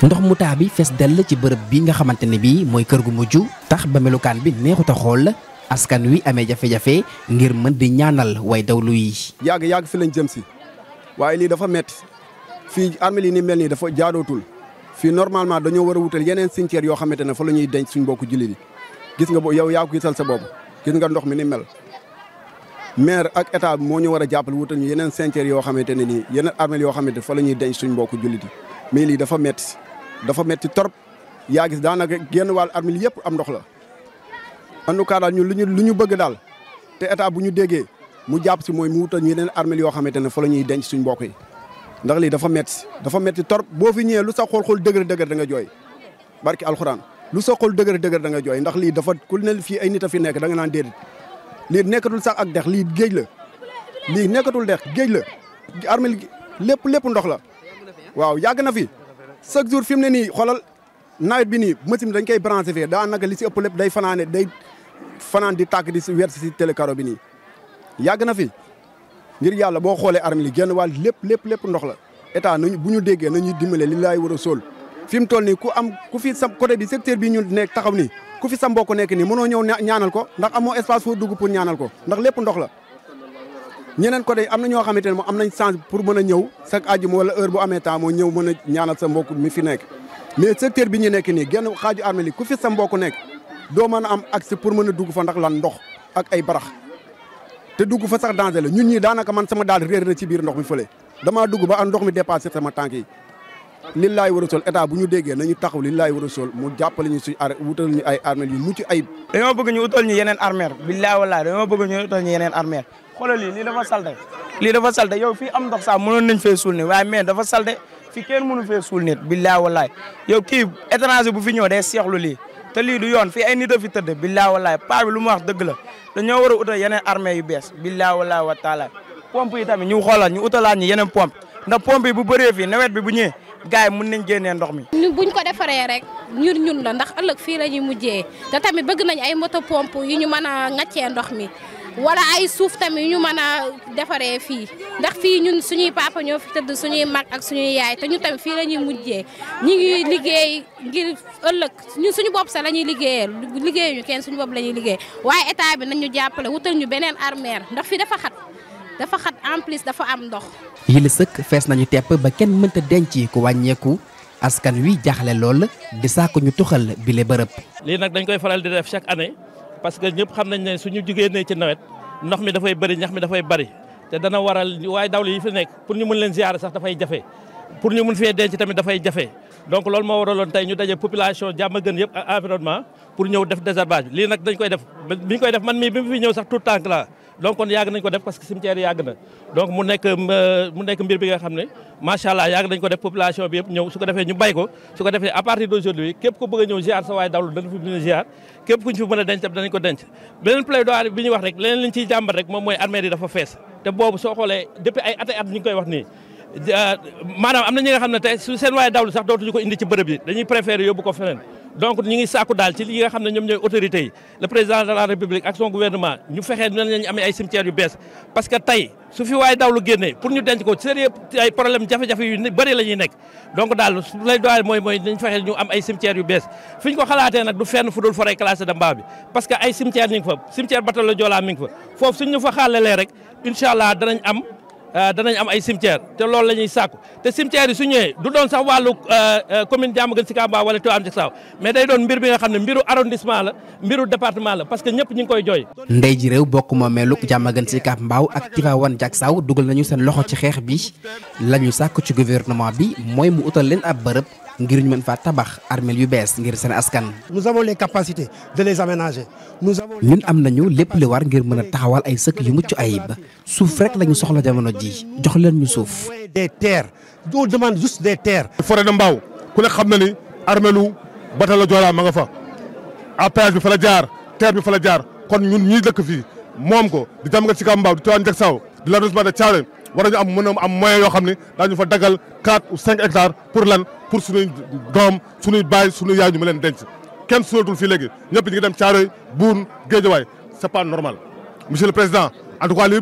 ndox mu taa bi fees dell ci bërëb bi nga xamante ne bii mooy kër gu mujj tax ba melukaan bi neexut a xool askan wi amee jafe-jafe ngir mën di ñaanal way dawlu yi. yàgg yàgg fi lañ jëm si waaye lii dafa metti fii armée li ni mel nii dafa jaadootul fii normalement dañoo war a wutal yeneen cimetière yoo xamante ne fa la ñuy denc suñ mbokku jullit yi gis nga bo yow yaa ko gisal sa bopp gis nga ndox mi ni mel. maire ak état moo ñu war a jàppale wutal ñu yeneen cimetière yoo xamante ne nii yeneen armeel yoo xamante fa la ñuy denc suñ mbokku mais lii dafa metti dafa metti trop yaa gis daanaka genn wàll armeel yëpp am ndox la. en tout cas daal ñun lu ñu lu ñu bëgg daal te état bu ñu déggee mu jàpp si mooy mu wutal ñu yeneen yoo xamante ne fa la ñuy denc suñu mbokk yi ndax lii dafa met dafa metti trop boo fi ñëwee lu sa xool-xool dëgër dëgër da nga jooy barki alxuraan lu sa xool dëgër dëgër da nga jooy ndax lii dafa ku ne fii ay nit a fi nekk da nga naan déedéet lii nekkatul sax ak dex lii géej la lii nekkatul dex géej la armel lépp lépp ndox la waaw yàgg na fi chaque jour fi mu ne nii xoolal nawet bi nii machine dañ koy branché daa daanaka li si ëpp lépp day fanaane day fanaan di tàkk di si weer si télécaro bi nii yàgg na fi ngir yàlla boo xoolee armil genn génn wàll lépp lépp lépp ndox la état nañu bu ñu déggee nañuy dimbale li laay war a sóol fi mu toll nii ku am ku fi sa côté bi secteur bi ñu nekk taxaw nii ku fi sa mbokk nekk nii mënoo ñëw ñaanal ko ndax amoo espace foo dugg pour ñaanal ko ndax lépp ndox la ñeneen ko de am na ñoo xamante ne moom am nañ chance pour mën a ñëw chaque àjjuma wala heure bu amee temps moo ñëw mën a ñaanal sa mbokk mi fi nekk mais secteur bi ñu nekk nii genn xaaju armée li ku fi sa mbokk nekk doo mën a am accès pour mën a dugg fa ndax lan ndox ak ay barax te dugg fa sax danger la ñun ñii daanaka man sama daal réer na ci biir ndox mi fële damaa dugg ba am ndox mi dépassé sama tànk yi li laay war a sol état bu ñu déggee nañu taxaw li laay mu jàppale ñu suñu ar wutal ñu ay armeel yu mucc ayib. dañoo bëgg ñu utal ñu yeneen armeel billaay wallaay dañoo bëgg ñu utal ñu yeneen armeel xoolal lii lii dafa salte lii dafa salte yow fii am ndox sax mënoon nañ fee suul nit waaye mais dafa salte fii kenn mënu fee suul nit billaay wallaay yow kii étranger bu fi ñëw day seexlu lii te lii du yoon fii ay nit a fi tëdd billaay wallaay paa lu mu wax dëgg la dañoo war a utal yeneen armeel yu bees billaay wallaay wa taala pompe yi tamit ñu xoolal ñu utalaat ñu yeneen pompe ndax pompe yi bu bëree nawet bi bu ñëwee gars yi mun nañ génnee ndox mi. bu ñu ko defaree rek ñun ñun la ndax ëllëg fii la ñuy mujjee te tamit bëgg nañ ay moto pomp yu ñu mën a ŋàccee ndox mi wala ay suuf tamit yu ñu mën a defaree fii ndax fii ñun suñuy papa ñoo fi tëdd suñuy mag ak suñuy yaay te ñu tamit fi la ñuy mujjee ñu ngi liggéey ngir ëllëg su ñu bopp sax la ñuy liggéeyee liggéeyuñu kenn suñu bopp la ñuy liggéey waaye état bi nañ ñu jàppale wutal ñu beneen armeer ndax fii dafa xat. dafa xat en plus dafa am ndox. yi la sëkk fees nañu tepp ba kenn mënta denc ku wàññeeku askan wi jaaxle lool di saako ñu tuxal bile bërëb. lii nag dañ koy faral di def chaque année parce que ñëpp xam nañ ne suñu jugee ne ci nawet ndox mi dafay bëri ñax mi dafay bëri te dana waral waaye dawli yi fi nekk pour ñu mën leen ziare sax dafay jafe pour ñu mën fee denc tamit dafay jafe. donc loolu moo waraloon tey ñu daje population Diamaguène yëpp ak environnement pour ñëw def désherbage lii nag dañ koy def koy def donc kon yàgg nañ ko def parce que cimetière yàgg na donc mu nekk euh, mu nekk mbir bi nga xam ne macha allah yàgg nañ ko def population bi yëpp ñëw su ko defee ñu bay ko su ko defee à partir d'aujourd'hui képp ku bëgg a ñëw ziar sa waay dawlu dana fi mën a képp ku ñu fi mën a denc tam danañ ko denc beneen plaidoyer bi ñuy wax rek leneen liñ ciy jàmbat rek moom mooy armée yi dafa fees te boobu soo xoolee depuis ay at at ñu koy wax nii maanaam am na ñi nga xam ne tey su seen waay dawlu sax dootuñu ko indi ci bërëb yi dañuy préférer yóbbu ko feneen donc ñu ngi sàkku daal ci li nga xam ne ñoom ñooy autorités yi le président de la république ak son ñu fexee nan lañu amee ay cimetières yu bees parce que tey su fi waaye daw lu génnee pour ñu denc ko sérieux problème jafe-jafe yu bëri la nekk donc daal su lay doyal mooy mooy dañ fexee ñu am ay cimetières yu bees fi ñu ko xalaatee nag du fenn fu dul forêt classée de Mbao bi parce que ay cimetières ñu ngi fa cimetière Batalo Joola mi ngi fa foofu rek incha allah danañ am Euh, danañ am ay cimetière te loolu la ñuy sàkku te cimetière yi su ñëwee du doon sax wàllu euh, euh, commune Diamaguène Sicap Mbao wala Tivaouane Diacksao mais day doon mbir bi nga xam ne mbiru arrondissement la mbiru département la parce que ñëpp ñu ngi koy jooy. ndey ji réew bokk moomeelu Diamaguène Sicap Mbao ak Tivaouane Diacksao dugal nañu seen loxo ci xeex bi la ñu sàkku ci gouvernement bi mooy mu utal leen ab bërëb. ngir ñu mën faa tabax armeel yu bees ngir seen askan. nous avons les capacités de les aménager. nous avons ñun am nañu lépp li war ngir mën a taxawal ay sëkk yu mucc ayib suuf rek la ñu soxla jamono ji jox leen ñu suuf. des terres on demande juste des terres. forêt de Mbao ku ne xam na ni armeelu Batalo Joola ma nga fa appéage ah, bi fa la jaar terre bi fa la jaar kon ñun ñii dëkk fii moom ko di jam nga ci kaw Mbao di Tivaouane Diacksao di l'arrondissement de Thiaroye war nañu am mën a am moyen yoo xam ne daañu fa dagal 4 ou 5 hectares pour lan. pour suñuy doom suñuy baay suñuy yaay ñu ma leen denc kenn sunatul fii léegi ñëpp ñu ngi dem Caaroy Buun Géejawaay c'est pas normal monsieur le président en tout cas li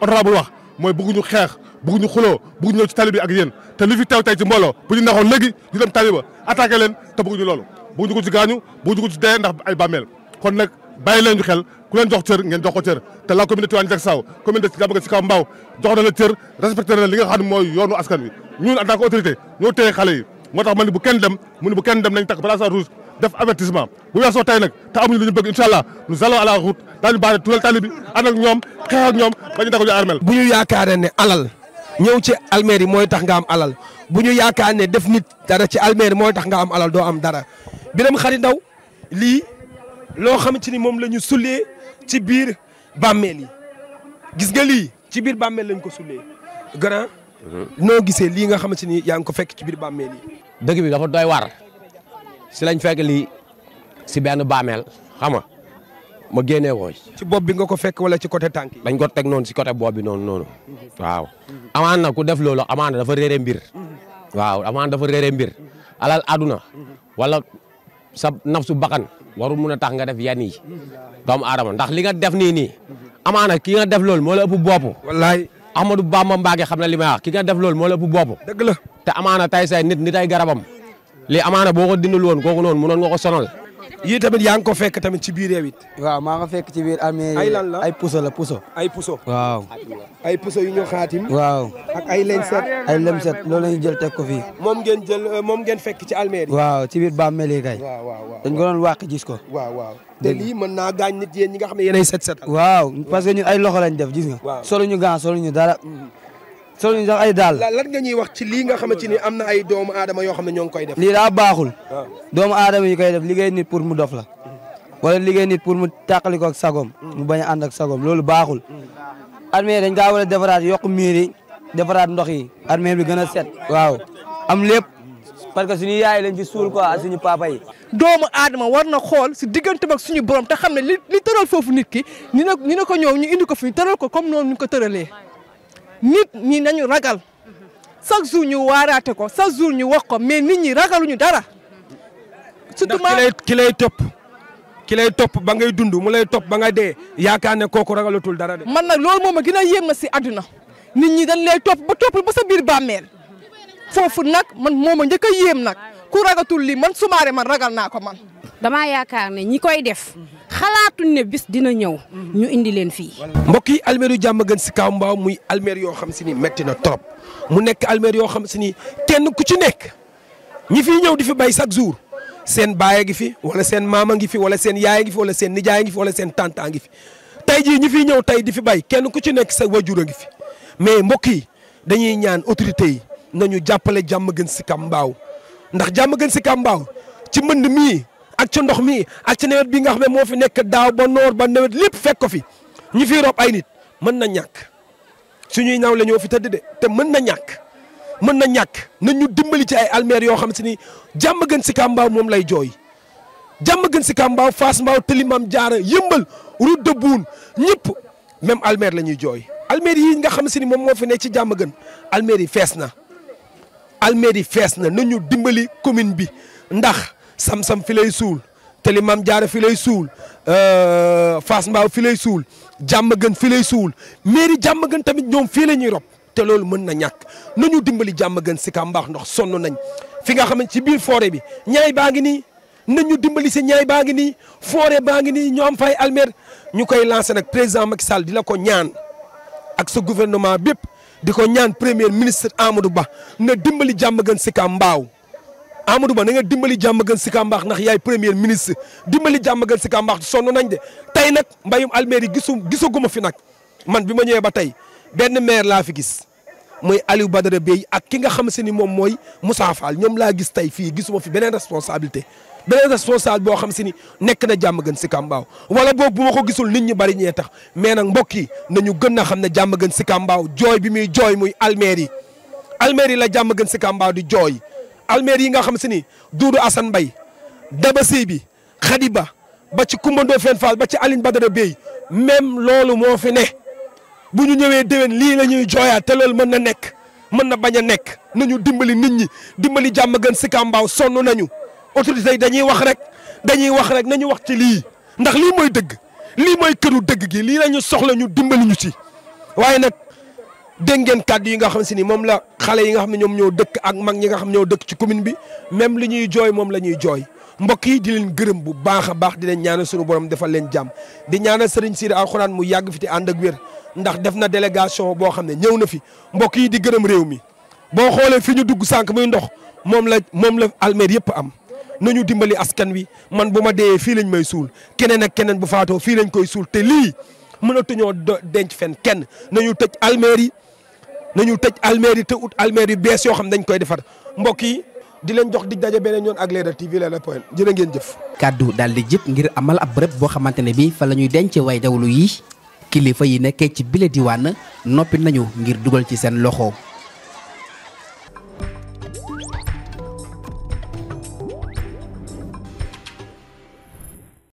honorable wax mooy ñu xeex bëgguñu ñu bëgguñu ñëw ci tali bi ak yéen te li fi teew tey ci mbooloo bu ñu nexoon léegi ñu dem tali ba attaqué leen te bëgguñu loolu bëgguñu ko ci gaañu bëgguñu ko ci dee ndax ay bàmmeel kon nag bàyyi leen ñu xel ku leen jox cër ngeen jox ko cër te la commune de Tivaouane Diack Sao commune de Diamaguène Sicap Mbao jox mooy yoonu askan wi ñun en tant xale yi moo tax ma ne bu kenn dem mu ne bu kenn dem nañ takk brassard rouge def avertissement bu weesoo tey nag te amuñu lu ñu bëgg incha allah nous allons à la route daañu baare tural tali bi ànd ak ñoom xeex ñoom ba ñu dagg ñu armel bu ñu yaakaaree ne alal ñëw ci almeeri mooy tax nga am alal bu ñu yaakaar ne def nit dara ci almeeri mooy tax nga am alal doo am dara Birame Khary ndaw lii loo xamante ni moom la sulee ci biir bàmmeel yi gis nga lii ci biir bàmmeel lañ ko sullee grand noo gisee lii nga xamante ni yaa ngi ko fekk ci biir bàmmeel yi. dëkk bi dafa doy war si lañ fekk li si benn bàmmeel xam nga ma génnee ko ci bopp bi nga ko fekk wala ci côté tànk yi. dañ ko teg noonu si côté bopp bi noonu noonu. waaw amaan ku def loolu amaan dafa réere mbir. waaw amaan dafa mbir alal aduna wala sa nafsu bakkan warul mun a tax nga def yenn yi doomu aadama ndax li nga def nii nii amaana ki nga def loolu moo la ëpp Ahmadou Bamba Mbacké xam na lima may ki nga def loolu moo la bu bopp dëgg la te amaana tay say nit nit ay garabam li amaana boo ko dindul woon kooku noonu mënoon nga ko sonol yii tamit yaa ngi ko fekk tamit ci biir yow waaw maa nga fekk ci biir ay la ay puso la puso. ay puso waaw. ay puso yu ñu waaw ay lenset. ay lenset loolu la ñu jël teg ko fi moom ngeen jël moom ngeen fekk ci armée yi. waaw ci biir bàmmeel yi kay. waaw waaw waaw dañu ko doon wàq gis ko. waaw waaw naa gaañ nit yéen ñi nga xam ne yéenay set set. waaw parce que ñun ay loxo def gis nga. waaw soluñu gant soluñu dara. Mm-hmm. sol ñu sax ay daal lan nga ñuy wax ci lii nga xamante ni am na ay doomu aadama yoo xam ne ñoo ngi koy def lii daa baaxul ah. doomu aadama yi koy def liggéey nit pour mu dof la wala liggéey nit pour mu tàqali ko ak sagom mu bañ a ànd ak sagom loolu baaxul armée dañ kaa war a defaraat yokk miir yi defaraat ndox yi armée bi gën a set waaw am lépp parce que suñu yaay lañ ci suul quoi ak suñu papa yi doomu aadama war na xool si diggante ak suñu borom te xam ne li li tëral foofu nit ñu ne ñu ne ko ñoom ñu indi ko fi ñu ko comme noonu ñu ko tëralee nit ñi nañu ragal chaque jour ñu waaraate ko chaque jour ñu wax ko mais nit ñi ñu dara. surtout ma ndax ki lay topp ki lay topp ba ngay dund mu lay topp ba nga dee yaakaar ne kooku ragalatul dara de. man nag loolu moom ma gën a yéem si àdduna nit ñi dañ lay topp ba toppal ba sa biir bàmmeel foofu nag man moom a njëkk a yéem nag ku ragatul lii man sumaare man ragal naa ko man. damaa yaakaar ne ñi koy def xalaatuñ ne bis dina ñëw ñu indi leen fii mbokk yi almeeru jàmm gën si kaw mbaaw muy almeer yoo xam si ni métti na trop mu nekk almeer yoo xam si ni kenn ku ci nekk ñi fiy ñëw di fi bay chaque jour seen baay a ngi fi wala seen maam a ngi fi wala seen yaay a ngi fi wala seen nijaay a ngi fi wala seen tante a ngi fi tey jii ñi fiy ñëw tey di fi bay kenn ku ci nekk sa wajur a ngi fi mais mbokk yi dañuy ñaan autorité yi nañu jàppale jàmm gën si kaw mbaaw ndax jàmm gën si kaw ci mbënd mii ak ca ndox mi ak ca nawet bi nga xam ne moo fi nekk daaw ba noor ba nawet lépp fekk ko fi ñu fi rob ay nit mën na ñàkk suñuy naaw la ñoo fi tëdd de te mën na ñàkk mën na ñàkk nañ ñu dimbali ci ay almeer yoo xam si ni jàmm gën si kàmbaaw moom lay jooy jàmm gën si kàmbaaw faas mbaaw tëlimam jaara yëmbal route de Boune ñëpp même almeer la ñuy jooy almeer yi nga xam si ni moom moo fi nekk ci jàmm gën almeer yi fees na almeer yi fees na nañu dimbali commune bi ndax sam-sam fi suul teli mam jaara fi lay suul euh, Fass Mbao fi lay suul jàmm gën fi lay suul mairie jàmm gën tamit ñoom fii la ñuy rob te loolu mën na ñàkk nañu dimbali jàmm gën si ka mbaax ndox sonn nañ fi nga xamante ci biir foore bi ñaay baa ngi nii ñu dimbali si ñaay baa ngi nii forêt baa ngi nii ñu am fay almer ñu koy lancé nag président Macky Sall di la ko ñaan ak sa gouvernement bépp di ko ñaan premier ministre Amadou Ba na dimbali jàmm gën si ka mbaaw Amadou Ba na nga dimbali Diamaguène Sicap Mbao ndax yaay premier ministre dimbali Diamaguène Sicap Mbao sonn nañ de tey nag mbayum Almeri gisu gisaguma fi nag man bi ma ñëwee ba tey benn maire laa fi gis muy Aliou Badara Bey ak ki nga xam se ni moom mooy Moussa Fall ñoom laa gis tey fii gisuma fi beneen responsabilité beneen responsable boo xam si ni nekk na Diamaguène Sicap Mbao wala boog bu ma ko gisul nit ñi bari ñee tax mais nag mbokk yi nañu gën a xam ne Diamaguène Sicap Mbao jooy bi muy jooy muy Almeri Almeri la Diamaguène Sicap Mbao di jooy almeer yi nga xam si ni Doudou Assane Mbaye Daba Sey bi Khadiba ba ci Kumbandoo Fène Fall ba ci Aline Badara Bey même loolu moo fi ne bu ñu ñëwee déwén lii la ñuy jooyaat te loolu mën na nekk mën na bañ a nekk nañu dimbali nit ñi dimbali jàmm gën si sonn nañu autorités yi dañuy wax rek dañuy wax rek nañu wax ci lii ndax lii mooy dëgg lii mooy këru dëgg gi lii la soxla ñu dimbali ñu ci waaye nag dégg ngeen kàddu yi nga xam si ni moom la xale yi nga xam ne ñoom ñoo dëkk ak mag ñi nga xam ñoo dëkk ci commune bi même li ñuy jooy moom lañuy jooy mbokk yi di leen gërëm bu baax a baax di leen ñaanal sunu borom defal leen jàmm di ñaanal sëriñ Sidi alxuraan mu yàgg fi te ànd ak wér ndax def na délégation boo xam ne ñëw na fi mbokk yi di gërëm réew mi boo xoolee fi ñu dugg sànq muy ndox moom la moom la almeer yëpp am nañu dimbali askan wi man bu ma deyee fii lañ may suul keneen ak keneen bu faatoo fii lañ koy suul te lii mënatuñoo denc fenn kenn nañu tëj almeer yi nañu tëj alméeri te ut alméeri bees yoo xam dañ koy defar mbokk yi di leen jox dig daje beneen yoon ak Leral TV Leral point jërë ngeen jëf. kàddu daal di jëpp ngir amal ab bërëb boo xamante ne bii fa la ñuy denc way dawlu yi kilifa yi nekkee ci bile diwaan noppi nañu ngir dugal ci seen loxo.